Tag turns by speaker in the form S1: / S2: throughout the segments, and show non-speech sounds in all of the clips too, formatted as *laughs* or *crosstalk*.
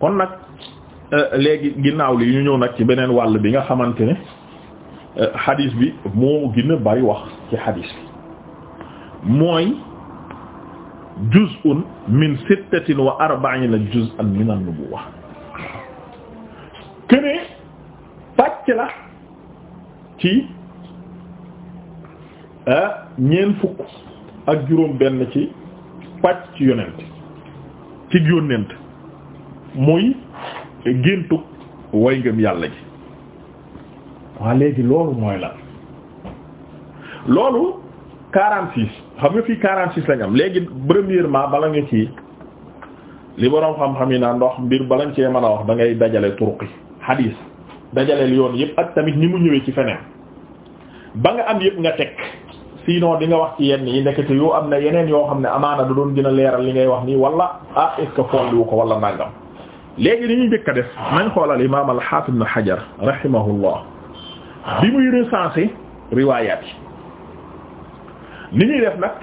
S1: kon nag euh, léegi ginnaaw li ñu ñëw nag ci beneen wàll bi nga xamante ne euh, xadis bi moo gën bay wax ci xadis bi mooy juz'un min sittatin wa arba'ina juz'an min an-nubuwwa kene pàcc la ci euh, ñeent fukk ak juróom benn ci pàcc ci yonent ci yonent muy géntug way ngëm yàlla ji waa léegi loolu mooy la loolu quarante six xam nga fii quarante six lañ am léegi premièrement bala nga ci li boroom xam-xam yi naan ndox mbir balañ cee mën a wax da ngay dajale turuqi xadiis dajaleel yoon yëpp ak tamit ni mu ñëwee ci feneen ba nga am yëpp nga teg sinon di nga wax ci yenn yi nekk te yoo am na yeneen yoo xam ne amaana da doon gën a leeral li ngay wax nii wala ah est ce ko wala nangam léegi li ñu njëkk a def nañ xoolal imaam al-Hafiz Ibn Hajar rahimahullah bi muy recenser riwaayaat yi li ñuy def nag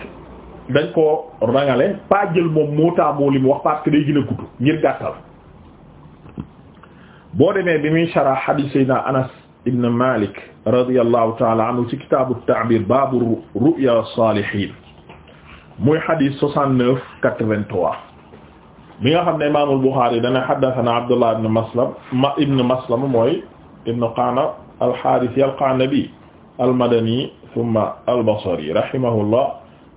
S1: dañ ko rangale pas jël moom moo taamu li mu wax parce que day gën ngir gàttal boo demee bi muy sharah hadith Sayyidina Anas ibn Malik radiyallahu ta'ala anhu ci kitaabu at-ta'bir baabu ru'ya as-salihin muy hadith 69 83 bi nga xam ne imaamul Buxaari dana haddathana Abdullah ibn Maslam ma ibn Maslam mooy ibn Qa'nab al-Haarisi al-Qa'nabi al-Madani thumma al-Basri rahimahullah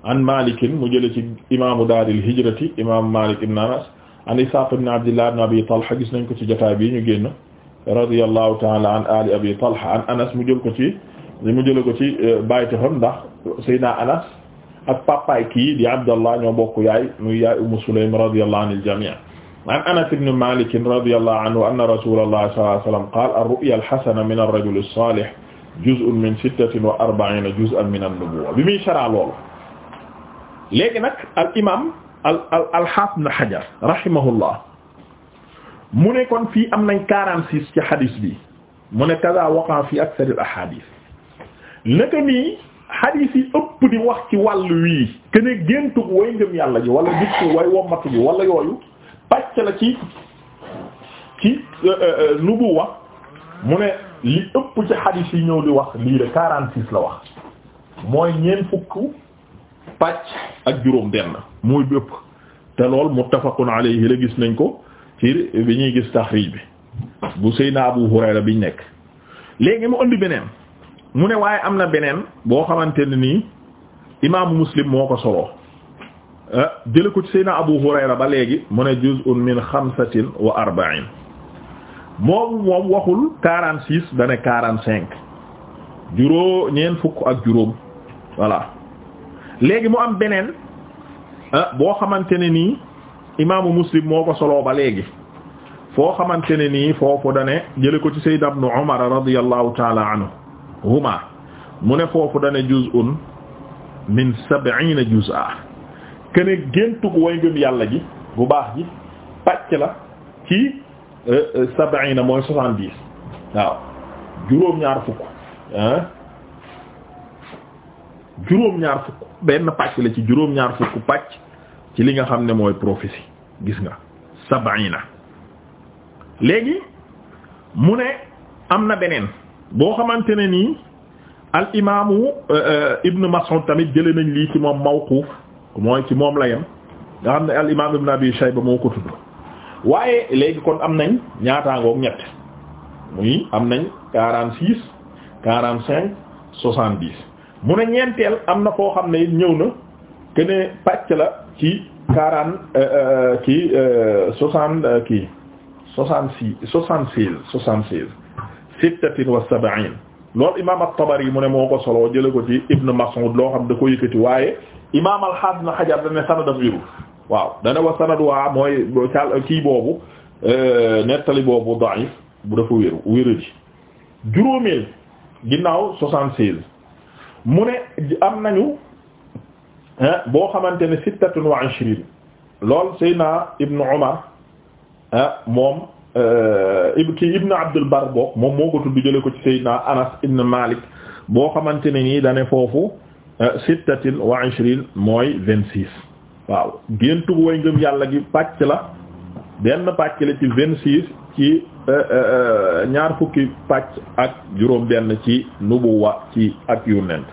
S1: an Maalik mu jële ci imaamu daaril hijrati imaamu Maalik ibn Anas an Isaaq ibn Abdillah ibn Abi Talha gis nañ ko ci jotaay bii ñu génn radiyallahu ta'ala an ali Abi Talha an Anas mu jël ko ci mu jële ko ci eh, bàyyi xam ndax Seydina Anas ak papaay kii di Abdallah ñoo bokk yaay muy yaay Ummu Sulaym radiyallahu anil jami' an Anas ibn Malik radiyallahu anhu anna rasulallahi sallallahu alayhi wa sallam qala ar-ru'ya al-hasana min ar-rajul as-salih juz'un min sittatin wa arba'ina juz'an min an-nubuwwa bi muy sara loolu léegi nag al imam al al al-Hafiz Ibn Hajar rahimahullah mu ne kon fii am nañ quarante six ci hadis bi mu ne kaza waqa fi akthar al-ahadith naka nii xadiis yi ëpp di wax ci wàll wii kene géntu way ngëm yàlla ji wala gittu way wommatu ji wala yooyu pàcc la ci ci euh, euh, euh, nubuwa mu ne li ëpp ci xadiis yi ñëw di wax lii de quarante six la wax mooy ñeent fukk pàcc ak juróom benn muy bi te lool muttafaqun alayhi la gis nañ ko ci bi ñuy gis taxriij bi bu Seydina Abu Hurayra biñ nekk léegi mu indi beneen mu ne waaye am na beneen boo xamante ne nii imaamu muslim moo ko soloo eh, jële ko ci sayna abu hurayra ba léegi mu ne juz'un min xamsatin wa arba'in moom moom waxul quarante six dane quarante cinq juróo ñeent fukk ak juróom voilà léegi mu am beneen eh, boo xamante ne nii imaamu muslim moo ko soloo ba léegi foo xamante ne nii foofu dane jële ko ci sayyid ibn umar radiyallahu ta'ala anhu huma mu ne foofu dane juz'un min sab'ina juz'a kene géntug way ngëm yàlla ji bu baax ji pàcc la ci euh, euh, sab'ina mooy soixante-dix waaw juróom-ñaar fukk juróom-ñaar fukk benn pàcc la ci juróom-ñaar fukk pàcc ci li nga xam ne mooy prophétie gis nga sab'ina léegi mu ne am na beneen boo xamante ne nii al imaamu euh, euh, Ibn Mas'ud tamit jëlee nañ lii ci moom mawquuf mooy ci moom la yem nga xam ne al imaam Ibn Abi Shayba moo ko tudd waaye léegi kon am nañ ñaataangoog ñett muy am nañ quarante six quarante cinq soixante dix mu ne ñeenteel am na foo xam ne ñëw na que ne la ci quarante euh, kii soixante kii soixante six soixante seize sittatin wa sab'in loolu imaam at-Tabari mu ne moo ko soloo jële ko ci Ibn Mas'ud loo xam da ko yëkkati waaye imaam al-Hafiz Ibn Hajar dane sanadam wérul waaw dane wa sanad waa mooy càl kii boobu euh, nettali boobu da'if bu dafa wéru wéru ji ginnaaw mu ne am nañu boo xamante ne sittatun lool Seydina Ibn Umar moom Euh, kii Ibn Abdul Bar bokk moom moo ko tudd jële ko ci Seydina Anas ibn Malik boo xamante ne nii dane foofu euh, sittatin wa ishrin mooy vingt-six waaw géntu bu way ngëm yàlla gi pàcc la benn pàcc la ci vingt-six ci euh, ñaar fukki pàcc ak juróom benn ci nubuwa ci ak yonent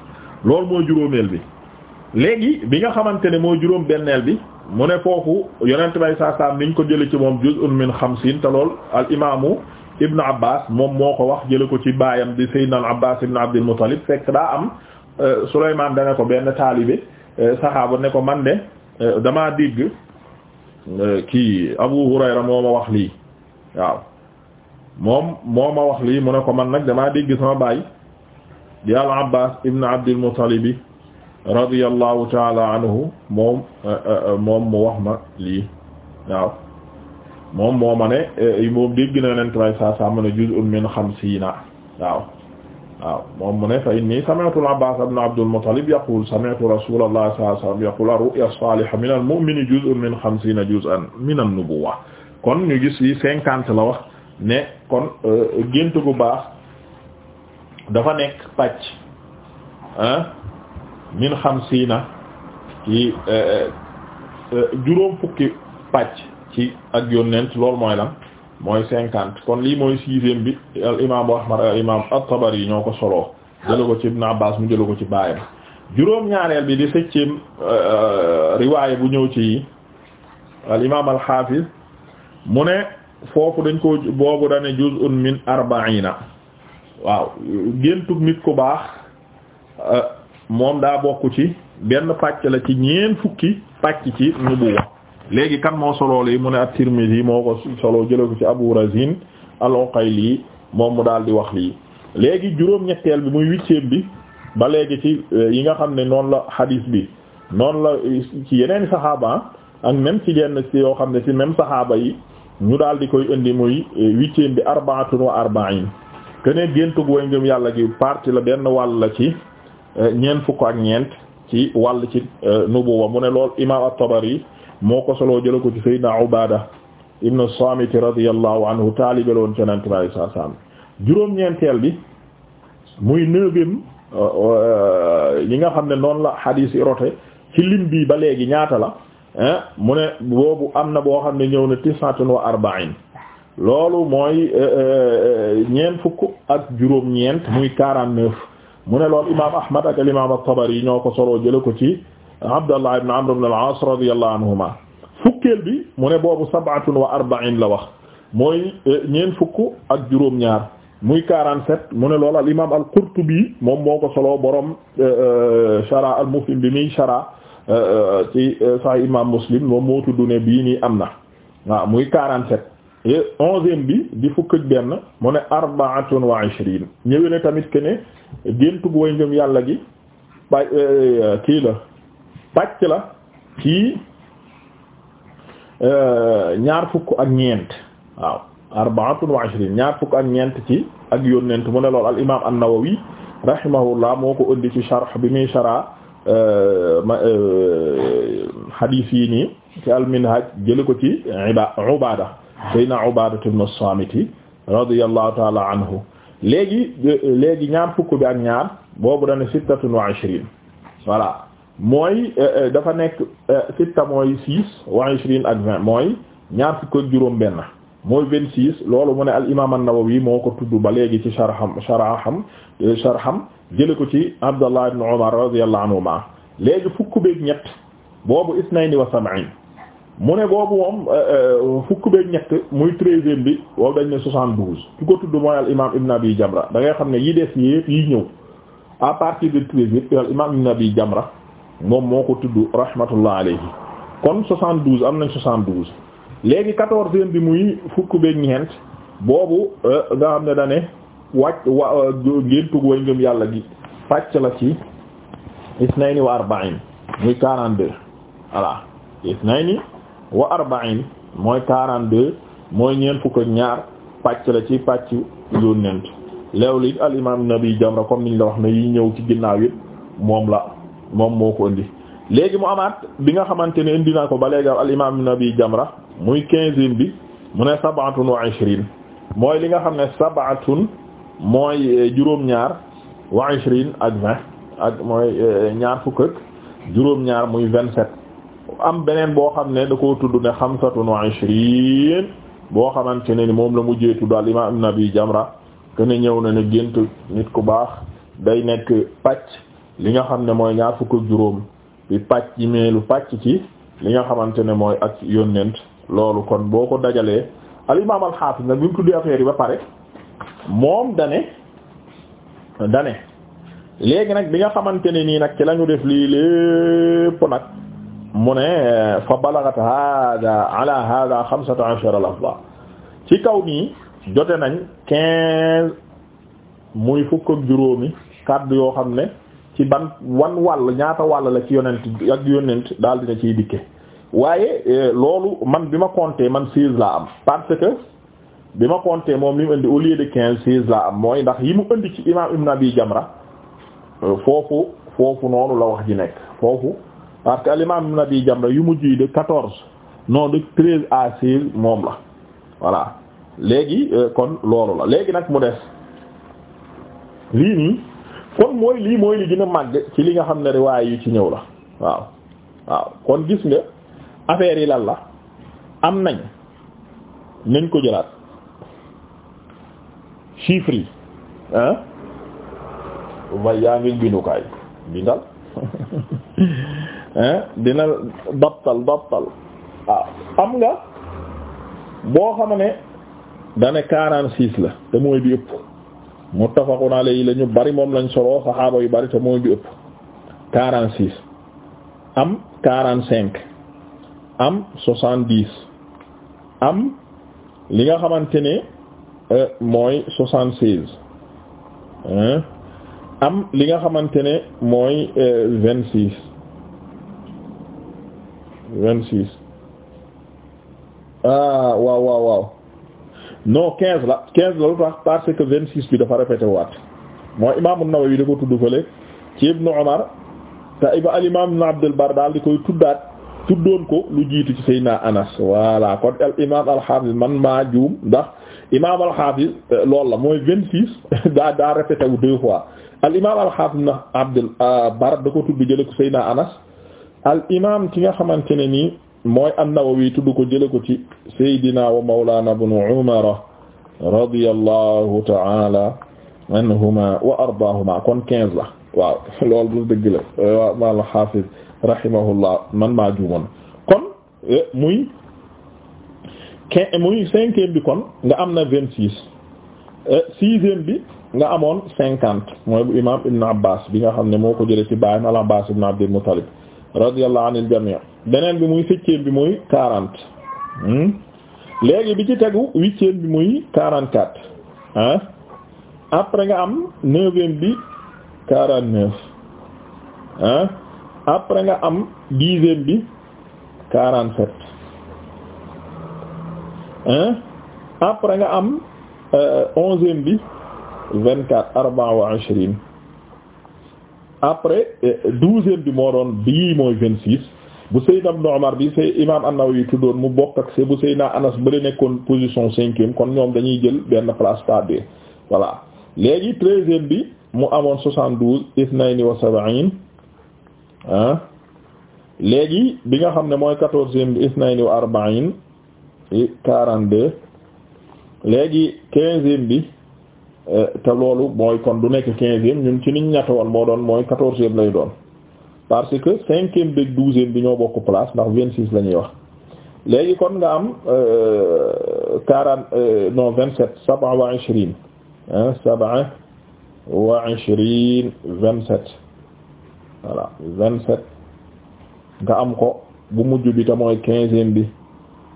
S1: loolu mooy juróomeel bi léegi bi nga xamante ne mooy juróom benneel bi mu ne foofu yonent bay saa saam niñ ko jële ci moom juz'un min xamsiin te lool al imaamu ibnu abbas moom moo ko wax jële ko ci baayam di sayyidna al abbas ibnu abdul muttalib fekk daa am euh, Souleymane dana ko benn taalibe euh, saxaaba ne ko man de euh, damaa dégg kii Abu Hurayra moo ma wax lii waaw moom moo ma wax lii mu ne ko man nag damaa dégg sama baay di al abbas ibnu abdul muttalibi radiyallahu taala anhu moom euh, euh, euh, moom mu wax ma lii waaw moom moo ma ne moom dégg na nen tray sa sa ma ne juz'un min xamsiina waaw waaw moom mu ne fa inni sami'tu al-Abbaas ibn Abdul Muttalib yaqul sami'tu rasuulallahi sallallahu alayhi wa sallam yaqul ar-ru'ya as-saaliha min al-mu'mini juz'un min xamsiina juz'an min an-nubuwwa kon ñu gis yi cinquante la wax ne kon gént gu baax dafa nekk pàcc ah min xamsiina ci eh, eh, eh, juróom fukki pàcc ci ak yonent loolu mooy la mooy cinquante kon lii mooy sixième bi al imaamu ahmad al imaam at-Tabari yi ñoo ko solo jëla ko ci Ibn Abbas mu jëla ko ci baayam juróom ñaareel bi di septième riwaaya bu ñëw ci yi al imaam al xaafiz mu ne foofu dañ ko boobu dane juz'un min arba'ina waaw géntug nit ku baax moom daa bokk ci benn pàcc la ci ñeen fukki pàcc ci nubuwa léegi kan moo solo li mu ne at-Tirmidhi moo ko solo jële ko ci Abu Razin al-Uqayli moom mu daal di wax lii léegi juróom-ñetteel bi muy huitième bi ba léegi ci euh, yi nga xam ne noonu la hadis bi noonu la euh, ci yeneen saxaaba ak même ci yenn ci yoo xam ne ci même saxaaba yi ñu daal di koy indi muy euh, huitième bi arbaatun wa arbain keneen géntug way ngëm yàlla gi partie la benn wàll la ci ñeent fukk ak ñeent ci wàll ci euh, nubuwa mu ne lool imam at-Tabari moo ko soloo jëla ko ci sayyidina Ubaada ibnu Saamit radiyallahu anhu taalibeloon cenanti bali sa salam juróom-ñeenteel bi muy neuvième euh, euh, yi nga xam ne noonu la hadis yi ci lim bi ba léegi ñaata la mu ne boobu am na boo xam ne ñëw na tisatun loolu mooy ñeent fukk ak juróom-ñeent muy quarante mu ne lool imaam Ahmad ak al-imaam at-Tabari ñoo ko soloo jële ko ci Abdallah ibn Amr ibn al-As radiyallahu anhuma fukkeel bi mu ne boobu sab'atun wa arba'in la wax mooy e, ñeent fukk ak juróom-ñaar muy 47 mu ne loo al-imaam al-Qurtubi moom moo ko solo borom e, e, shara al-Mufhim bi muy shara ci Sahih imaam Muslim moom moo tudd ne bii muy 47. onzième bi di fukk benn mu ne arbaatun wa ishrin ñëwee tamit que ne géntug way ngëm yàlla gi pa euh, kii la pàcc la ci euh, ñaar fukk ak ñeent waaw arbaatun wa ñaar fukk ak ñeent ci ak yónnent mu lool al imaam an-Nawawi rahimahullah moo ko indi ci sharh bi muy shara euh, ci al-Minhaj jële ko ci Ubaada sayna Ubaadatu ibn Saamiti radiyallahu taala anhu léegi léegi ñaar fukk bi ak ñaar boobu dane sittatun wa ishrin voilà mooy euh, euh, dafa nekk euh, sitta mooy six wa ishrin ak mooy ñaar fukk ak juróom benn mooy vingt six loolu mu ne al imam an-Nawawi moo ko tudd ba léegi ci sharham sharham sharham jële ko ci Abdallah ibn Umar radiyallahu anhuma léegi fukk beeg ñett boobu mu ne boobu moom euh, euh, fukk beeg ñett muy treizième bi boobu dañ ne soixante-douze ki ko tudd mooy al imam ibn abi jamra da ngay xam ne yi des yépp yi ñëw à partir de treize yépp al imam ibn abi jamra moom moo ko tudd rahmatullah alayhi kon soixante-douze am nañ soixante-douze léegi quatorzième bi muy fukk beeg ñeent boobu euh, nga xam ne da ne wàcc wa ngeen tug way ngëm yàlla gi pàcc la ci isnayni wa arba'in muy quarante-deux voilà isnayni wa arba'in mooy quarante-deux mooy ñeent fukk ak ñaar pàcc la ci pàcc yónnent leew li al imam nabi jamra comme niñ la wax ne yi ñëw ci ginnaaw yëpp moom la moom moo ko indi léegi mu amaat bi nga xamante ne indi naa ko ba léegi al imam nabi jamra muy quinzième bi mu ne sabatun wa ishrine mooy li nga xam ne sabatun mooy juróom-ñaar wa ishrine ak vingt ak mooy ñaar fukk ak juróom-ñaar muy vingt-sept am beneen boo xam ne da ko tudd ne xamsatun wa ishriin boo xamante ne ni moom la mujjee tudd al imaam ibn abi jamra te ne ñëw na ne gént nit ku baax day nekk pàcc li nga xam ne mooy ñaar juróom bi pàcc pàcc ci li nga xamante ne mooy ak yónnent loolu kon boo ko dajalee aliment imaam xaafis nag bi mu tuddee affaire yi ba pare moom dane dane léegi nag bi nga xamante ne nii nag ci lañu def lii lépp nag mu ne fa balagat hada ala hada xamsata ashara lafza ci kaw nii jote nañ quinze muy fukk ak juróomi kàddu yoo xam ne ci ban wan wàll ñaata wàll la ci yonent ak yonent daal dina ciy dikke waaye e, loolu man bi ma compté man seize laa am parce que bi ma compté moom li indi au lieu de quinze seize laa am mooy ndax yi mu indi ci imam Ibn Abi Jamra e, foofu foofu noonu la wax ji nekk foofu parce que al-imam Ibn Abi Jamra yu mujj yi de quatorze non de treize à seize moom la voilà léegi euh, kon loolu la léegi nag mu des lii nii kon mooy lii mooy li gën a màgg ci li nga xam ne riwaay yu ci ñëw la waaw waaw kon gis nga affaire yi lan la am nañ nañ ko jëlaat chiffres yi way yaa ngi bindukaay bindal *laughs* dina dabtal dabtal waaw ah, am nga boo xam dane quarante six la te mooy bi ëpp muttafaqun alayhi la ñu bari moom lañ soloo saxaaba yu bari te mooy bi ëpp quarante six am quarante cinq am soixante dix euh, am li nga xamante ne mooy soixante euh, seize am li nga xamante ne mooy vingt six vingt-six ah waaw waaw waaw non quinze la quinze la lu tax parce que vingt-six bi dafa répété waat mooy imaam an-Nawawi da ko tudd fële ci Ibnu Umar te al imaam Ibnu Abdul Bar daal di koy tuddaat tuddoon ko lu jiitu ci Seydina Anas voilà kon al imaam al-Hafiz man maa juum ndax imaam al-Hafiz euh, loolu la mooy vingt-six *laughs* daa daa répété wu deux fois al imaam al-Hafiz na Abdul euh, Bar da ko tudd jële ko Seydina Anas al imam ki nga xamante ne nii mooy an-Nawawi tudd ko jële ko ci saydina wa mawlana ibnu Umar radiyallahu ta'ala anhuma wa ardaahuma kon quinze la waaw *laughs* loolu du dëgg la waaw mal hafiz rahimahullah man maa juumoon kon eh, muy quinze muy cinquième bi kon nga am na vingt six eh, sixième bi nga amoon cinquante mooy bu imam ibn Abbas bi nga xam ne moo ko jële ci baayam al Abbas ibn Abdul Muttalib radiyallahu anil a beneen bi muy septième bi muy quarante hmm? léegi bi ci tegu huitième bi muy quarante quatre après nga am neuvième bi quarante neuf après nga am dixième bi quarante sept après nga am euh, onzième bi vingt quatre arba'a wa ishrine après euh, douzième bi moo doon bii mooy vingt six bu Seydina Ibn Umar bi say imam An-Nawawi tuddoon mu bokk ak se bu Seydina Anas bale nekkoon position cinquième kon ñoom dañuy jël benn place par deux voilà léegi treizième bi mu amoon soixante douze isnayni wa sab'in ah léegi bi nga xam ne mooy quatorzième bi isnayni wa arba'in quarante deux léegi quinzième bi Euh, te loolu mooy kon du nekk quinzième ñun ci niñ ñatta woon moo doon mooy quatorzième lay doon parce que cinquième beeg douzième bi ñoo bokk place ndax vingt six la ñuy wax léegi kon nga am euh, quarante euh, non vingt sept sab'a wa ishrine hein sab'a wa vingt sept voilà vingt sept nga am ko bu mujj bi te mooy quinzième bi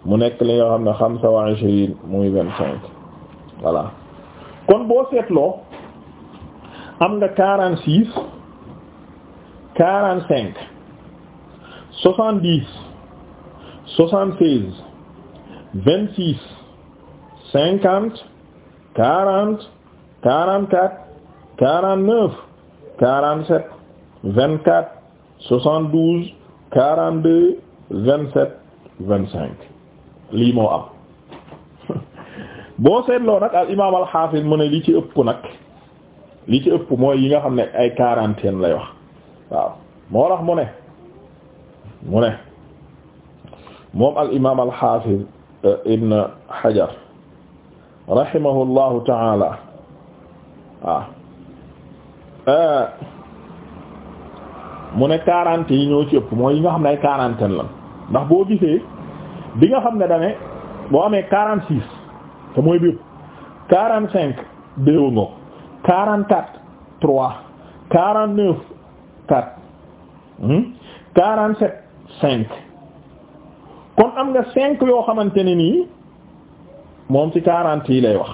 S1: mu nekk li nga xam ne xamsa wa ishrine muy vingt cinq voilà kon boo seetloo am nga quarante six quarante cinq soixante dix soixante seize vingt six cinquante quarante quarante quatre quarante neuf quarante sept vingt quatre soixante douze quarante deux vingt sept vingt cinq lii am. boo seetloo nag al imaam al xaafis mu ne li ci ëpp nag li ci ëpp mooy yi nga xam ne ay quarantaine lay wax waaw moo tax mu ne mu ne moom al imaam al xaafis eh, ibn Hajar rahimahullahu taala waaw eh, mu ne quarante yi ñoo ci ëpp mooy yi nga xam ne ay quarantaine lan ndax boo gisee bi nga xam ne dane boo amee quarante six te mooy biir quarante cinq deux ngo quarante quatre trois hmm quarante neuf quatre quarante sept cinq kon am nga cinq yoo xamante ne nii moom ci quarante yi lay wax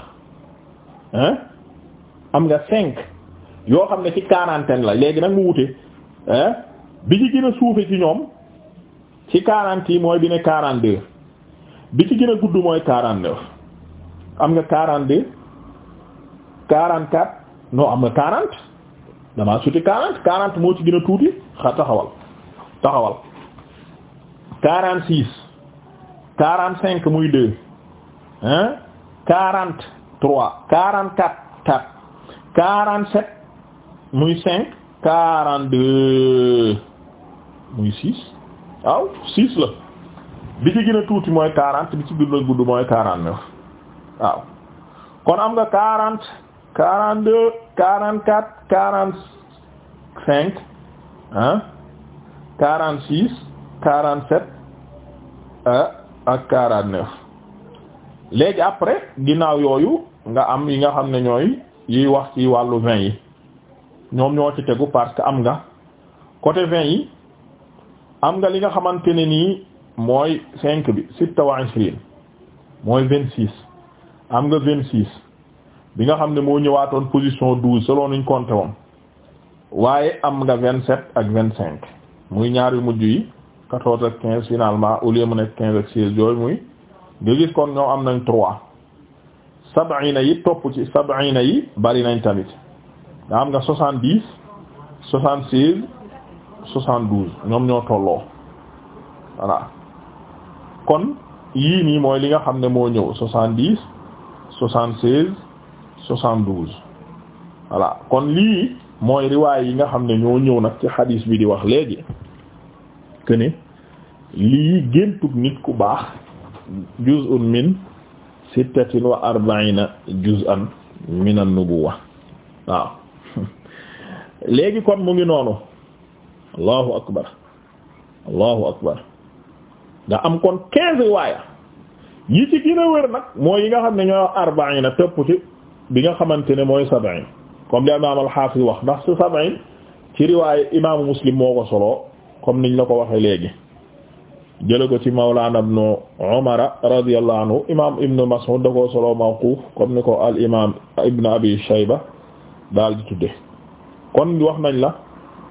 S1: hein am nga cinq yoo xam ne ci quarantaine la léegi nag mu wute hein bi ci gën a suufe ci ñoom ci quarante yi mooy bi ne quarante deux bi ci gën a gudd mooy quarante neuf am nga quarante deux quarante quatre non am nga quarante damaa suti quarante quarante moo ci gën a tuuti xa taxawal taxawal quarante six quarante cinq muy deux hein quarante trois quarante quatre quatre quarante sept muy cinq quarante deux muy six waaw six la bi ci gën a tuuti mooy quarante bi ci gën gudd mooy quarante neuf waaw kon am nga quarante quarante deux quarante quatre quarante cinq ah quarante six quarante sept euh, ak quarante neuf léegi après ginnaaw yooyu nga am yi nga xam ne ñooy yiy wax ci wàllu vingt yi ñoom ñoo ci tegu parce que am nga côté vingt yi am nga li nga xamante ne nii mooy cinq bi sitta wa ishrin mooy vingt six am nga vingt six bi nga xam ne moo ñëwaatoon position douze selon nuñ compté woon waaye am nga vingt sept ak vingt cinq muy ñaari yu mujj yi quatorze ak quinze finalement au lieu mu nekk quinze ak seize yooyu muy nga gis kon ñoom am nañ trois sab'ina yi topp ci sab'ina yi bari nañ tamit nga am nga soixante dix soixante seize soixante douze ñoom ñoo tolloo voilà kon yii nii mooy li nga xam ne moo ñëw soixante dix 76 72 voilà kon lii mooy riwaay yi nga xam ne ñoo ñëw nag ci xadiis bi di wax léegi que ne lii géntug nit ku baax juz'un min sittatin wa arba'ina juz'an min an-nubuwwa waaw *laughs* léegi kon mu ngi noonu allahu akbar allahu akbar nga am kon 15 riwaaya yi ci gën a wér nag mooy yi nga xam ne ñoo arbaina tëpp ci bi nga xamante ne mooy sab'in comme li imaam al-Hafiz wax ndax su sab'in ci riwaaye imaamu Muslim moo ko solo comme niñ la ko waxee léegi jële ko ci mawlaana ibnu Umar radiyallahu anhu imaam ibnu Mas'ud comme ni ko al imaam ibnu Abi Shayba daal di tudde kon wax nañ la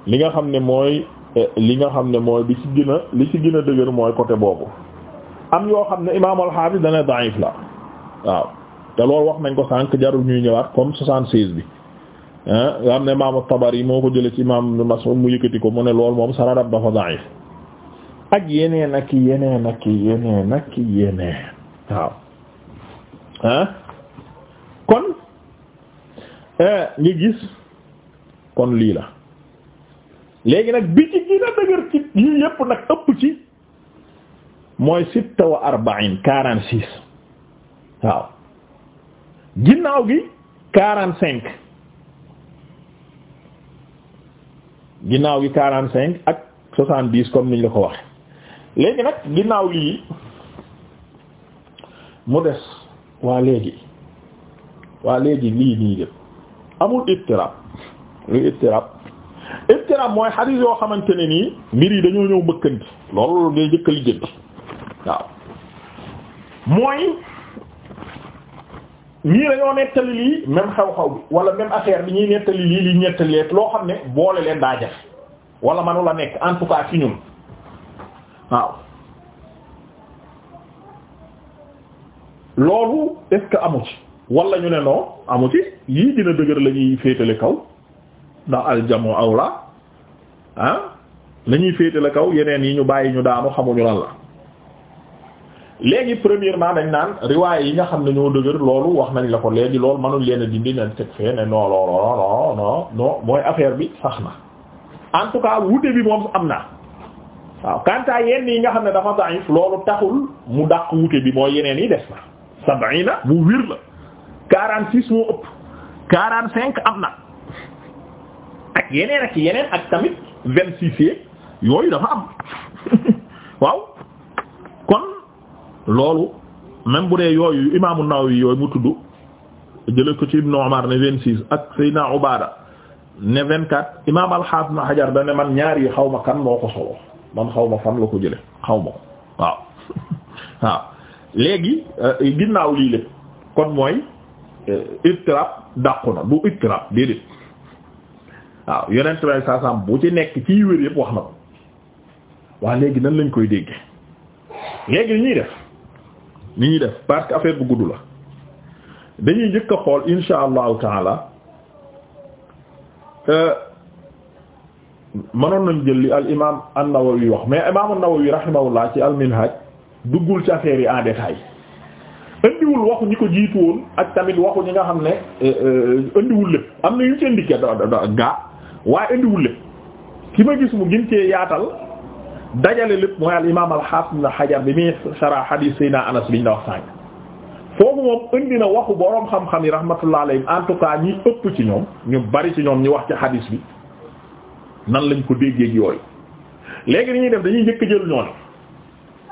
S1: li nga xam ne mooy eh, li nga xam ne mooy bi ci gën a li ci gën a dëgër mooy côté boobu am yoo xam ne imaam al-Hafiz dana la waaw te loolu wax nañ ko sànq jarul ñuy ñëwaat comme 76 bi nga xam ne imaam at yi moo ko jëlee ci imaam Mas'ud mu yëkkati ko mu ne loolu moom sanadam dafa da'if ak yeneen ak yeneen ak yeneen ak yeneen waaw ah kon eh, nga gis kon lii la léegi nag bi ci gën a dëgër ci yii yépp nag ëpp ci mooy sit wa arba'in quarante six waaw ginnaaw gi quarante cinq ginnaaw gi quarante cinq ak soixante dix comme niñ la ko waxe léegi nag ginnaaw lii mu des waa léegi waa léegi lii nii lépp amul ittirab lu ittirab ittirab mooy xadiis yoo xamante ne nii mbir yi dañoo ñëw mbëkkanti loolu day jëkk li waaw mooy ñii dañoo nettali lii même xew-xew bi wala même affaire bi ñuy nettali lii li nettali loo xam ne boole leen daa jafe wala manu la nekk en tout cas ci ñun waaw loolu est amu ci wala ñu ne non amu ci yii dina dëgër lañuy ñuy féetale kaw ndax aw la ah la ñuy féetale kaw yeneen yi ñu bàyyi ñu daanu xamuñu lan la léegi premièrement dañ naan riwaay yi nga xam ne ñoo dëgër loolu wax nañ la ko léegi lool mënuñ leen a dindi leen teg fee ne non non non non mooy affaire bi sax na en wute bi moom am na waaw quant à yenn yi nga xam ne dafa da'if loolu taxul mu dàq wute bi moo yeneen yi des na sab'ina bu wir la quarante six moo ëpp quarante cinq am na ak yeneen ak yeneen ak tamit vingt six yooyu dafa am *laughs* waaw kon loolu même bu dee yooyu imaamu Nawawi yooyu mu tudd jële ko ci Ibn Umar ne vingt six ak Seydina Ubaada ne vingt quatre imaam al-Hafiz Ibn Hajar man ñaar yi xaw ma kan loo ko solo man xaw ma fan la ko jële xaw ma ko waaw *laughs* léegi euh, ginnaaw lii lépp kon mooy euh, ittirab dàqu na du ittirab déedéet waaw yonent bay saasaam bu ci nekk ciy wér yëpp wax na ko waa léegi nañ lañ koy dégge léegi ñuy def ni ñuy def parce que affaire bu gudd la dañuy njëkk a xool insha allahu taala euh, mënoon nañ jël li al imaam an-Nawawi wax mais imaam an-Nawawi rahimahullah ci al-Minhaj duggul ci affaire yi en détail indiwul waxu ñi ko jiitu woon ak tamit waxu ñi nga xam ne indiwul euh, euh, lépp am na yu ci indiqué gaa waaye indiwul lépp ki ma gis mu gën yaatal dajale lépp mooy al imaam al-Hafiz Ibn bi muy sarah hadith Seydina Anas bi ñu la wax sànq foofu moom indi na waxu boroom xam-xam yi rahmatullah alayhim en tout cas ñi ëpp ci ñoom ñu bari ci ñoom ñu wax ci hadith bi nan lañ ko déggee yooyu léegi ni ñuy def dañuy njëkk jël ñoone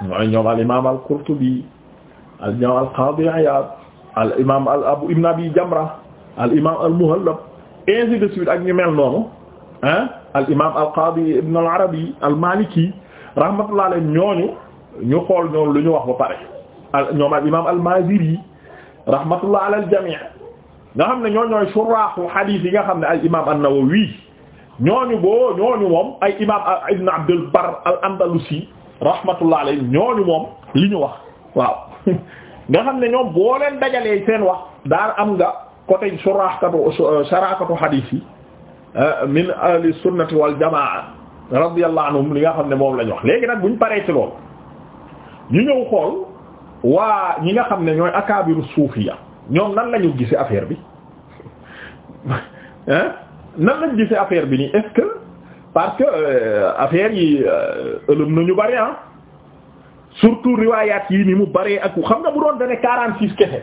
S1: mooy ñoom al imaam al Qurtubi al ñoom al Abu Ibn Abi Jamra al imaam al Muhallab ainsi ak ñu mel noonu ah. al imaam al qaadi ibn al arabi al maliki rahmatullah alayhi ñooñu ñu xool ñoom lu ñu wax ba pare al ñoom al imaam al maziri rahmatullah ala al jamii nga xam ne ñoo ñooy suraaxu xadiis nga xam ne ay imaam an-nawawi ñooñu boo ñooñu moom ay imaam ibn abdul bar al andalusi rahmatullah alayhi ñooñu moom li ñu wax waaw nga xam ne ñoom boo leen dajalee seen wax daar am nga côté suraaxkatu saraakatu xadiis yi Euh, min ahli sunnati wal jamaa radiyallahu anhum li nga xam ne moom lañu wax léegi nag buñ paree ci loolu ñu ñëw xool waa ñi nga xam ne ñooy akaabiru suufiya ñoom nan lañu gise affaire bi hein nan lañ gise affaire bi nii est que parce que euh, affaire yi euh, na ñu bari ah surtout riwaayaat yi ni mu bëree ak xam nga bu doon dane quarante six kese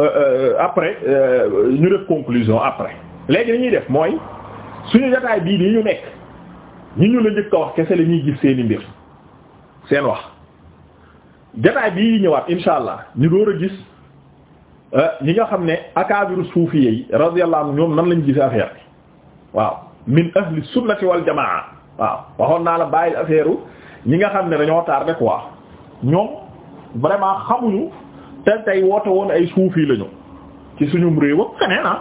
S1: Euh, euh, après euh, ñu def conclusion après léegi li ñuy def mooy suñu jotaay bii nii ñu nekk ñu ñu la jëkk a wax kese la ñuy gis seeni mbir seen wax jotaay bii ñëwaat insha allah ñu door a gis ñi nga xam ne akaabiru suufiyya yi radiyallahu anhum ñoom nan lañu gis affaire bi waaw min ahli sunnati wal jamaa waaw waxoon naa la bàyyi affaire ñi nga xam ne dañoo tardé quoi ñoom vraiment xamuñu. te tey woote woon ay suufi lañu ci suñum réew ak feneen ah.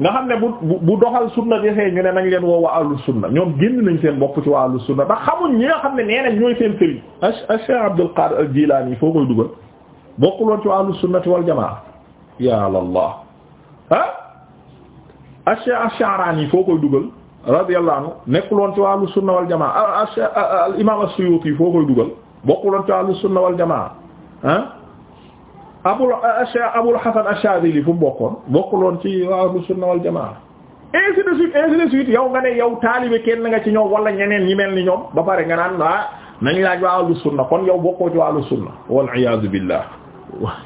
S1: nga xam ne bu bu doxal sunna desee ñu ne nañ leen woo waa ahlus sunna ñoom génn nañ seen bopp ci waa ahlus sunna ndax xamuñ ñi nga xam ne nee nañ ñooy seen sëriñ ah Cheikh Abdul Qadir al Jilani yi foo koy dugal bokkuloon ci waa ahlus sunnati wal jamaa ya Allah ah Cheikh Ash'arani yi foo koy dugal radiyallahu anhu nekkuloon ci waa ahlus sunna wal jamaa al imam as-Suyuti yi foo koy dugal bokkuloon ci waa ahlus sunna wal jamaa ah abul abul hasan ash-shadili fu mu bokkoon bokkuloon ci waa ahlu sunna wal jamaa ainsi de suite ainsi de suite yow nga ne yow taalibe kenn nga ci ñoom wala ñeneen ñi mel ni ñoom ba pare nga naan ah nañ laaj waa ahlu sunna kon yow bokkoo ci waa ahlu sunna wal iyaazu billah *laughs*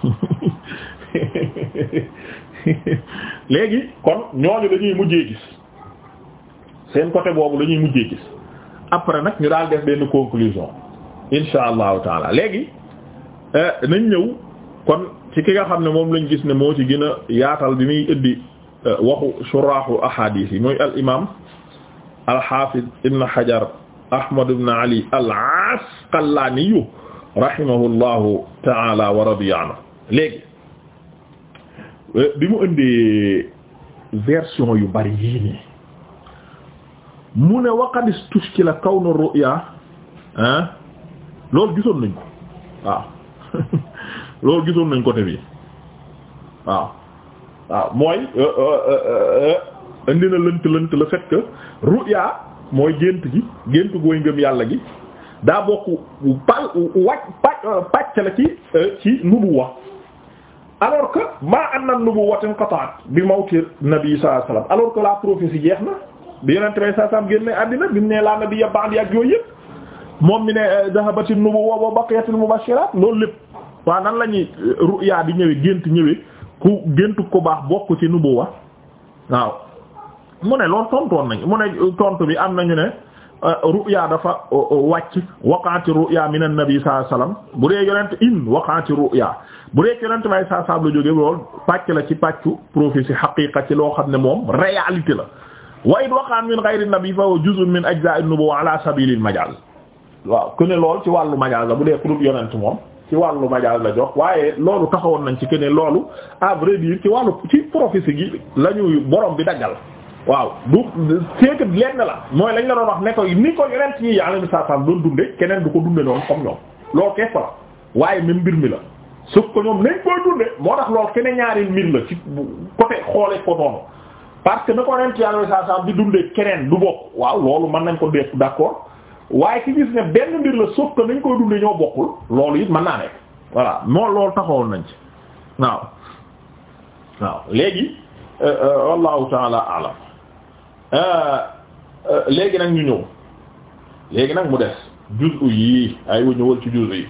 S1: léegi kon ñooñu dañuy mujjee gis seen côté boobu dañuy mujjee gis après nag ñu daal def benn conclusion insha allahu taala léegi euh, nañ ñëw kon ci ki nga xam ne moom lañ gis ne moo ci gën a yaatal bi muy indi euh, waxu suraaxu ahadis yi mooy al imaam al xaafid ibn Hajar Ahmad ibn Ali al Asqalaaniyu rahimahullahu taala wa radiya anhu léegi euh, bi mu indee version yu bari yii nii mu ne waqad istushkila kawnu ru'ya ah loolu gisoon nañ ko *laughs* loolu gisoon nañ côté bi waaw waaw mooy euh, euh, euh, indi na lënt lënt le fait que ruya mooy gént gi gént gooy ngëm yàlla gi daa bokk pa wàcc pàcc la ci ci nubuwa alors que maa am na nubuwa inqata'at bi mawti nabi sallallahu alayhi wasallam alors que la prophétie jeex na bi yonent bi sallallahu alayhi wasallam génne àddina bi mu ne laa nabiyya ba'di ak yooyu yëpp moom mi ne dahabati nubuwa wa baqiyatul mubashirat loolu lépp waa nan la ñuy euh, ruyaa di ñëwee gént ñëwee ku géntu ku baax bokk ci wa waaw mu ne loolu tontoon nañ mu ne euh, tontu bi am nañu ne euh, ruyaa dafa wàcc waqaati ruyaa min annabi sallallahu alayhi wasallam bu dee yonent in waqaati ruyaa bu dee yonent may saa la jóge lool pàcc la ci pàccu prophétie xaqiqa ci loo xam ne moom réalité la wa in waqaan min ghayri nabi fa juz'un min ajza'i an-nubuwwa ala sabilil majaz waaw ku ne lool ci wàllu majaz la bu dee ku dul yonent moom ci wàllu majaas la jox waaye loolu taxawoon nañ ci que loolu à vrai ci wàllu ci prophétie gi la ñuy borom bi daggal waaw du c'est que la mooy lañ la doon wax ne ko ni ko yeneen yi yàlla ni saa saa doon dunde keneen du ko dunde noonu comme ñoom loolu waaye même mbir mi la sauf que ñoom nañ moo tax loolu keneen ñaari mbir la ci côté xoole ko noonu parce que na ko yeneen yàlla ni saa saa di dunde keneen du bokk waaw loolu man nañ ko def d'accord waaye ki gis ne benn mbir la sauf que nañ koy dundee ñoo bokkul loolu it mën naa nekk voilà moo loolu taxawoon nañ ci waaw waaw léegi euh, euh, wallahu taala alam euh, léegi nag ñu ñëw léegi nag mu des juzu yi ay wa ñëwal ci juzu yi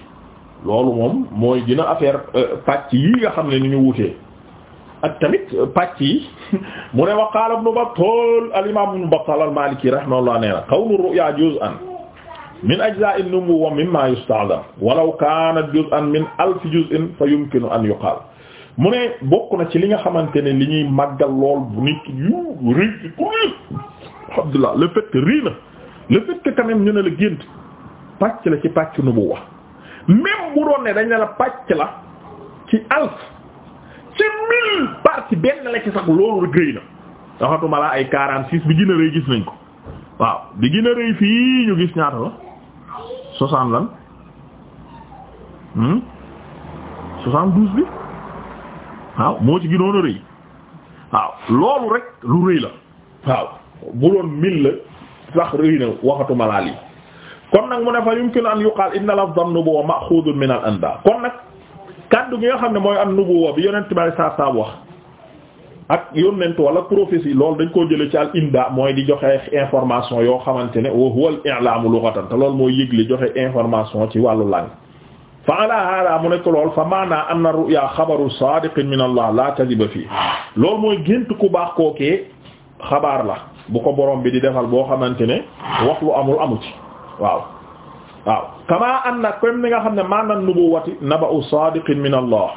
S1: loolu moom mooy gën a affaire pàcc yi nga xam ne ni ñu wutee ak tamit pàcc yi *laughs* mu ne wa qaala ibn Battal al imam ibn Battal al Maliki rahimahullah nee na qawlu ru'ya juz'an min ajzaa'i an-nubuwwa mimmaa yusta'dam walaw kaana juz'an min alfi juz'in fa yumkinu an yuqaal mu ne bokk na ci li nga xamante ne li ñuy màggal lool bu nit yu ri ku ri alhamdulillah le fait rii na le fait que ñu ne la gént pàcc la ci pàcc nubuwwa même bu doon ne dañ ne la pàcc la ci alf ci mille parties benn la ci sax loolu rëy na waxatuma la ay quarante six bi gën rëy gis nañ ko waaw bi gën rëy fii ñu gis ñaata la soixante lan hmm? soixante douze bi waaw moo ci gënoon a rëy waaw loolu rek lu rëy la waaw bu doon mille la sax rëy na waxatuma laa lii kon nag mu ne fa yumkin an yuqaal inna lafdhan nubuwwa ma'khudun min al-anbiya kon nag kaddu gi nga xam ne mooy an nubuwwa bi yonent bi saa saa wax. ak yónnent wala prophétie loolu dañ koo jële ci al inda mooy di joxe information yoo xamante ne wa huwa al i'lamu lughatan te loolu mooy yëgle joxe information ci wàllu lang fa ala hada mu nekk lool fa maana anna ru'ya xabaru sadiqin min allah la kadiba fii loolu mooy gént ku baax kookee xabaar la bu ko borom bi di defal boo xamante ne wax lu amul amu ci waaw waaw kama anna comme ni nga xam ne maana nubuwati naba'u sadiqin min allah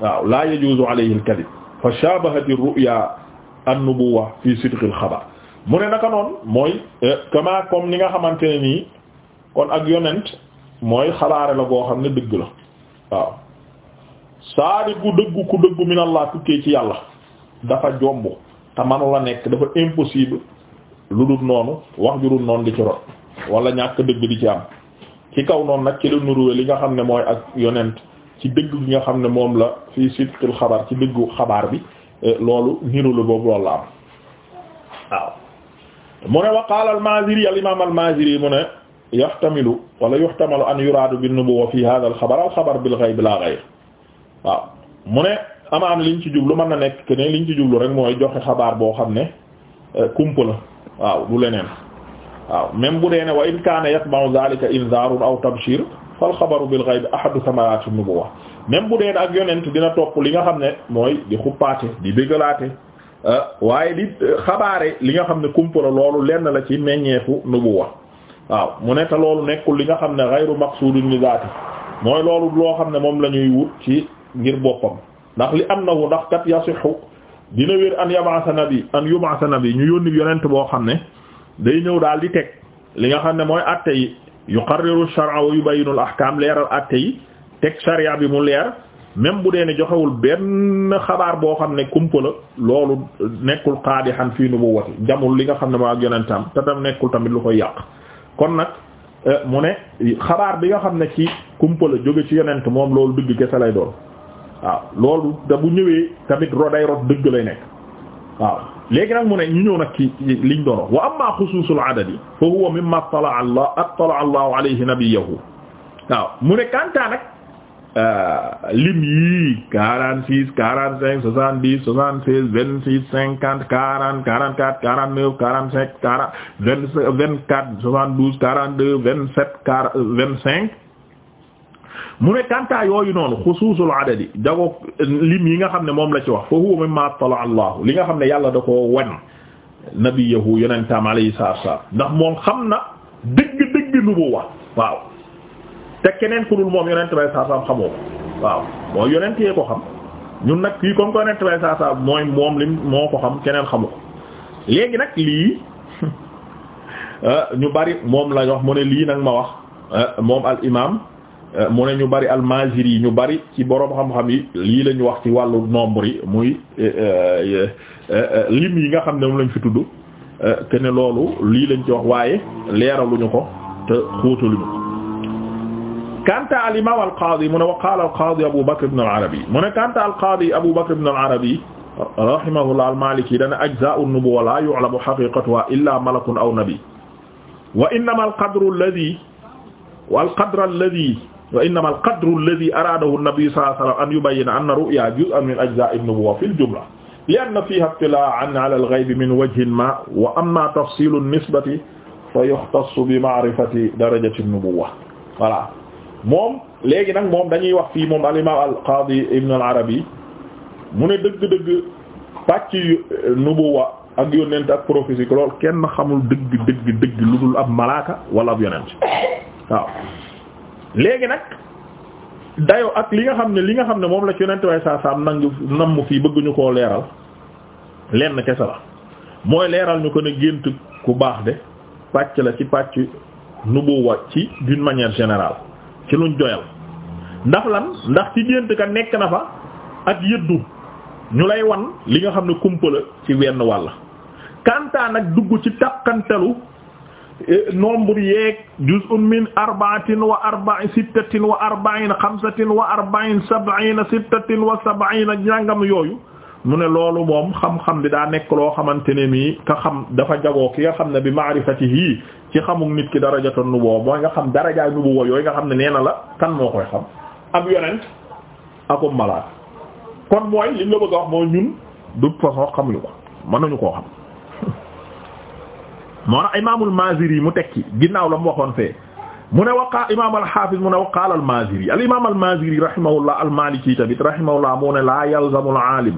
S1: waaw la yajuzu alayhi al fa shaabahati ru'ya an-nubuwwa fi sidqil xabar mu ne naka noonu mooy eh, kama comme ni nga xamante ne nii kon ak yonent mooy xabaare la boo xam ne dëgg la waaw saadiqu dëggu ku dëggu min Allah tukkee ci yàlla dafa jomb te manu la nekk dafa impossible lu dul noonu wax ju dul noonu di ci rot wala ñàkk dëgg di ci am ki kaw noonu nag ci la nuruwe li nga xam ne mooy ak yonent ci dëgg gi nga xam ne moom la fii sidqil xabar ci dëggu xabaar bi eh, loolu niru la boobu loolu la am waaw mu ne wa al-Maaziri al-imaam al-Maaziri mu ne yahtamilu wala yuhtamalu an yuraadu bin-nubuwwa fi haadha al-xabar al-xabar bil-ghayb waaw mu ne amaana liñ ci jublu mën na nekk que ne liñ jublu rek mooy joxe xabaar boo xam ne eh, kumpa la waaw du leneen waaw même bu dee ne wa in kaana yatba'u dhaalika inzaarun aw tabshiir fal xabaru bil ghayb ahadu thamarati nubuwwa même bu dee ak yonent dina topp li nga xam ne mooy di xuppaate di bëggalaate euh, waaye di euh, xabaare li nga xam ne kumpala loolu lenn la ci meññeefu nubuwwa waaw mu ne te loolu nekkul li nga xam ne ghayru maqsudun li zaati mooy loolu loo xam ne moom la ñuy wut ci ngir boppam ndax li am na wu ndax kat yasixu dina wér an yab'atha nabi an yub'atha nabi ñu yónni yonent boo xam ne day ñëw daal di teg li nga xam ne mooy yu shar'a wa yubayyinu al-ahkam leeral atte yi teg sharia bi mu leer même bu dee ne joxewul benn xabaar boo xam ne kumpa la loolu nekkul qaadihan fii nubuwwati jamul li nga xam ne moo ak yonentam te tam nekkul tamit lu koy yàq kon nag eh, mu ne xabaar bi nga xam ne ci kumpa la jóge ci yonent moom loolu dëgg kese lay doon waaw loolu da bu ñëwee tamit roday rot dëgg lay nekk waaw léegi nag mu ne ñu ñëw nag ci liñ doon wax wa amma xusuusul adadi fa huwa mimma attala allah attala allahu alayhi nabiyahu waaw mu ne kantaa nag euh, lim yii quarante six quarante cinq soixante dix soixante seize vingt six cinquante quarante quarante quatre quarante neuf quarante cinq quarante vingt vingt quatre soixante douze quarante deux vingt sept quarante vingt cinq mu ne kanta yooyu noonu xusuusul adadi jagoog lim yi nga xam ne moom la ci wax fa huwa mimma tala allahu li nga xam ne yàlla da koo wan nabiyahu yonentam alayhi salaam ndax moom xam na dëgg-dëgg nubuwa waaw te keneen ku dul moom yonent bay saasaam xamoo waaw mooy yonent yee ko xam ñun nag fii comme que yonent bay saasaam mooy moom lim moo ko xam keneen xamu ko léegi nag lii *laughs* ñu bari moom la wax mu ne lii nag ma wax eh, moom al imaam Euh, mu ne bari al-Maziri yi ñu bari ci boroom xam-xam yi lii lañu wax ci wàllu nombre yi muy euh, euh, lim yi nga xam ne moom lañ fi tudd loolu lii lañ ci wax waaye leeraluñu ko te xóotaluñu ko kanta al imam al qaadi mu ne wa qaala al qaadi Abu Bakr ibn al Arabi mu al qaadi Abu Bakr ibn al Arabi rahimahullah al maliki dana la yu'lamu illa malakun aw nabi wa innama al qadru alladhi wal qadru wa innama alqadru alladi araadahu nabi sallallahu alayhi wa sallam an yubayyina anna ru'ya juz'un min ajzaa'i an-nubuwwa fil jumla li anna fiiha ittilaa'an ala al-ghaybi min wajhin ma wa amma tafsiilu an-nisbati fa yuxtassu bi ma'rifati darajati an-nubuwwa voilà moom léegi nag moom dañuy wax fii moom al-imaam al-qaadi ibn al-arabi mu ne dëgg-dëgg pàcc euh, nubuwa ak yonent ak prophétie lool kenn xamul dëgg dëgg dëgg lu dul ab malaaka wala ab yonent waaw léegi nag dayoo ak li nga xam ne li nga xam ne moom la ci yonent way saa saam nangu nam fii bëgguñu koo leeral lenn kese la mooy leeral ñu ko ne gént ku baax de pàcc la ci pàcc nubuwa ci d'une manière générale ci luñ doyal ndax lan ndax ci gént ka nekk na fa ak yëddu ñu lay wan li nga xam ne kumpa la ci wenn wàll kantaan ak dugg ci takkantalu nombre yeeg juz'un min arba'atin wa arba'in sittatin wa arba'in xamsatin wa arba'in sab'ina sittatin wa sab'ina njàngam yooyu mu ne loolu moom xam-xam bi daa nekk loo xamante ne nii ka xam dafa jagoo ki nga xam ne bi ma'rifatihi ci xamuk nit ki darajatu nubuwwa mooy nga xam darajaay nubuwwa yooyu nga xam ne nee na la kan moo koy xam ab yonent akum malaat kon mooy li ñu la bëgg a wax mooy ñun de toute façon xamuñu ko mënuñu koo xam moo tax imaamul Maaziri mu tekki ginnaaw la mu waxoon fee mu ne waqa imaam al-Haafiz mu ne waqaala al-Maaziri al imaam al-Maaziri rahimahullah al-Maaliki tamit rahimahullah mu ne laa yalzamu al-aalim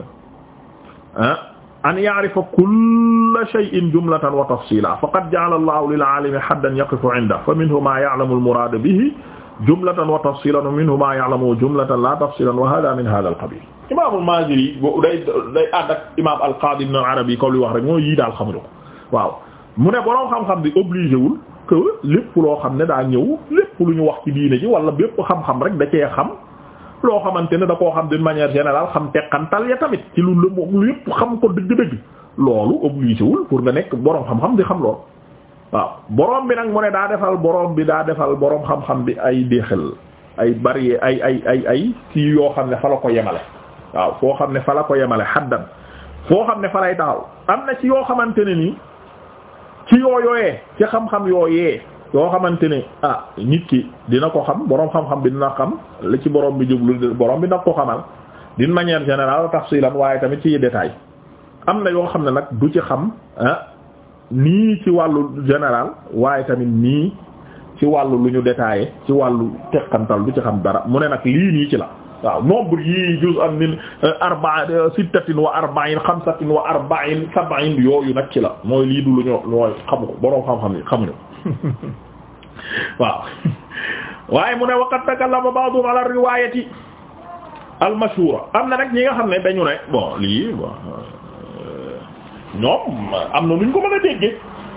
S1: ah, an ya'rifa kulla shay'in jumlatan wa tafsiilan faqad ja'ala Allahu lil-aalimi haddan yaqifu 'indahu fa minhu maa ya'lamu al-muraada bihi jumlatan wa tafsiilan wa minhu maa ya'lamu jumlatan laa tafsiilan wa haadha min haadha al-qabiil. imaam al-Maaziri day day ànd ak imaam al-Qaadi ibn al-Arabi yi comme li wax rek mooy yii daal xamuñu ko waaw. mu ne boroom xam-xam bi obligé wul lépp loo xam ne daa ñëw lépp lu ñu wax ci diine ji wala bépp xam-xam rek da cee xam loo xamante ne da koo xam d'une manière générale xam teqantal ya tamit ci lu lu yëpp xam ko dëgg-dëgg loolu obligé wul pour nga nekk boroom xam-xam di xam lool waaw boroom bi nag mu ne daa defal boroom bi daa defal boroom xam-xam bi ay déexal ay bari ay ay ay ay ci yoo xam ne fa la ko yemale waaw foo xam ne fa la ko yemale xaddan foo xam ne fa lay taxaw am ci yooyooyee ci xam-xam yooyee yoo xamante ne ah nit ki dina ko xam boroom xam-xam bi dina xam la ci boroom bi jublu boroom bi nag ko xamal d'une manière générale tafsilan waaye tamit ci détail am na yoo xam ne nag du ci xam ah, nii ci wàllu général waaye tamit nii ci wàllu lu ñu détaillé ci wàllu teqantal du ci xam dara mu ne nag lii nii ci la waaw nombre yi juz'an min euh, arba euh, sittatin wa arba'in xamsatin wa arba'in sab'in yooyu nag la mooy lii du lu ñu mooy xamu ko boroom xam-xam yi xamuñu *laughs* waaw waaye mu ne waqad takallama ba'duhum ala riwaayati al-mashhuura am na nag ñi nga xam ne dañu ne bon lii bon euh, ñoom am na lu ñu ko mën a dégge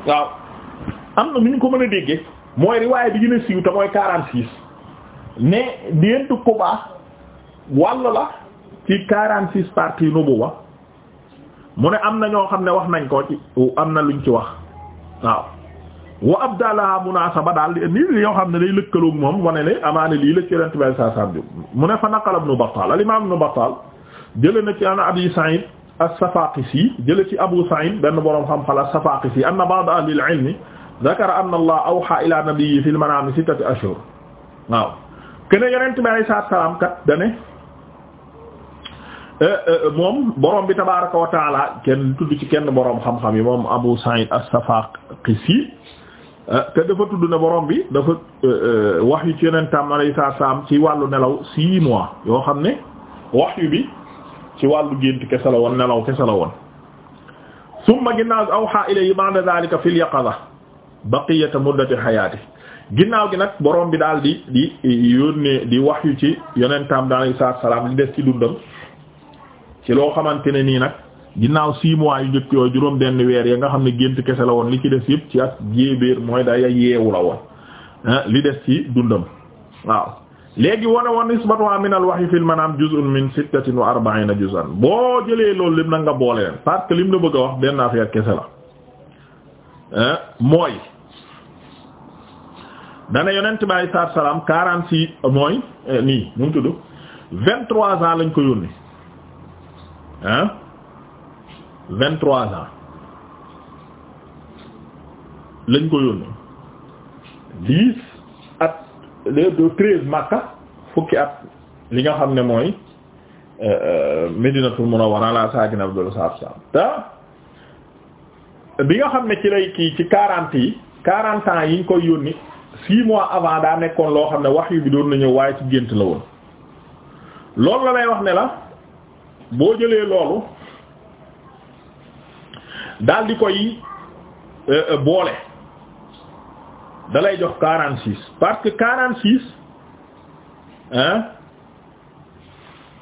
S1: waaw am na lu ñu ko mën a déggee mooy riwaaya gën a siiw te mooy quarante six mais dientu ko baax wàll la ci quarante six parties nubuwa mu ne am na ñoo xam ne wax nañ ko ci am na luñ ci wax waaw wa abdalaha munasaba daal di indi li ñoo xam ne day lëkkaloog moom wane ne amaane lii la ci yonent bi saa saa bi mu ne fa naqala ibnu Battaal al imaam ibnu Battaal jële na ci an Abi Saïd as-Safaqisi jële ci Abu Saïd benn boroom xam-xam as-Safaqisi anna ba'da ahlil ilmi zakara anna Allah awha ila nabiyyi fil manaami sittati ashhur waaw kene yonent bi saa salaam kat dane Euh, euh, euh, moom borom bi tabaaraka wa taala kenn tudd ci kenn boroom xam-xam yi moom Abu Sa'id as-Safaqisi te dafa tudd ne boroom bi dafa wax yu ci yonentam alayhi salaam ci wàllu nelaw six mois yoo xam ne wax bi ci wàllu gént kese la woon nelaw kese la woon summa ginnaaw awha ilayhi ba'da dhalika fil yaqaza baqiyata muddati hayati ginnaaw gi nag boroom bi daal di di yónnee di wax yu ci yonentam alayhi salaam di des ci dundam ci loo xamante ne nii nag ginnaaw six mois yu njëkk yooyu juróom benn weer ya nga xam ne gént kese la woon li ci des yëpp ci ak jéebéer mooy day yeewu la woon ah, li des ci dundam waaw léegi wane woon nisbatu min al wahyi fil manam juz'un min sittatin wa arba'ina juz'an boo jëlee loolu lim na nga boole leen parce que lim la bëgg a wax benn affaire kese la ah, mooy dana yonent bi alayhi salaam quarante six mooy eh, nii mu tudd vingt trois ans lañ ko yónni ah vingt-trois ans lañ ko yónni dix at de treize Makka fukki at li nga xam ne mooy euh, euh, Medinatul Munawwara la saakina abdol sab sab te bi nga xam ne ci lay kii ci quarante yi quarante ans yi ñu koy yónni six mois avant daa nekkoon loo xam ne wax yu bi doon na ñëw waaye ci gént la woon loolu la lay wax ne la boo jëlee loolu daal di koy euh, euh, boole da lay jox quarante six parce que quarante six hein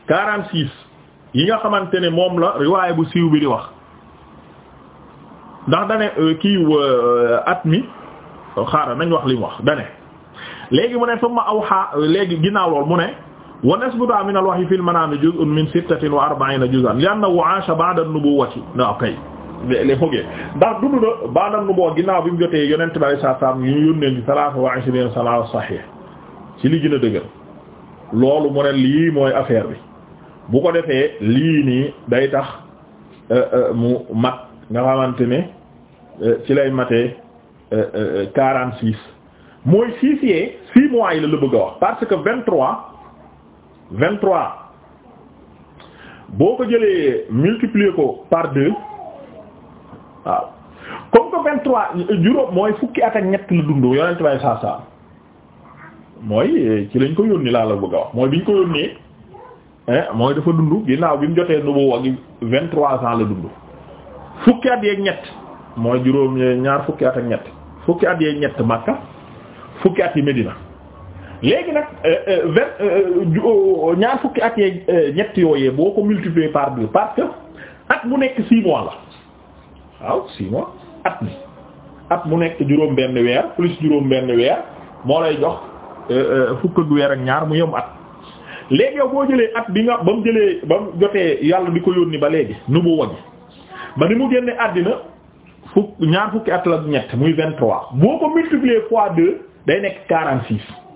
S1: quarante six yi nga xamante ne moom la riwaay bu siiw bi di wax ndax dane euh, kii at mi xaaral nañ wax li mu wax dane léegi mu ne suma aw xaa léegi ginnaaw lool mu ne wa nisbata min al-wahyi fi al-manami juz'un min sittatin wa arba'ina juz'an li'annahu 'asha ba'da an-nubuwwati waaw kay les fogee ndax dund na ba'da an-nubuwwa ginnaaw bi mu jotee yonent bi sallallahu alayhi wa sallam ñu yónnee ci salaatu wa ishriina sana sahih ci li gën a dëgër loolu mu ne lii mooy affaire bi bu ko defee lii nii day tax euh, euh, mu mat nga xamante ne euh, ci lay matee quarante six mooy six yee six mois yi la la bëgg wax parce que vingt trois vingt-trois boo ko jëlee multiplier ko par deux waaw comme que vingt-trois juróom mooy fukki at ak ñett la dund yonent bay saa saa mooy eh, ci lañ ko yónni laa la bëgg wax mooy biñ ko yónnee eh, mooy dafa dund ginnaaw bi mu jotee nubu wagi vingt-trois ans la dund fukki at yeeg ñett mooy juróom ñaar fukki at ak ñett fukki at yeeg ñett Makka fukki at yi médina léegi nag euh, euh, vingt euh, ñaar fukki at yee ñett yooyee boo ko multiplier par deux parce que at mu nekk six mois la waaw six at mi at mu nekk juróom benn weer plus juróom benn weer moo lay jox fukk ak weer ak ñaar mu yem at léegi yow boo jëlee at bi nga ba mu jëlee ba mu jotee yàlla di ko yónni ba léegi nu mu wàññi ba ni mu génne àddina fukk ñaar fukki at la ñett muy vingt trois boo ko multiplier fois deux day nekk quarante six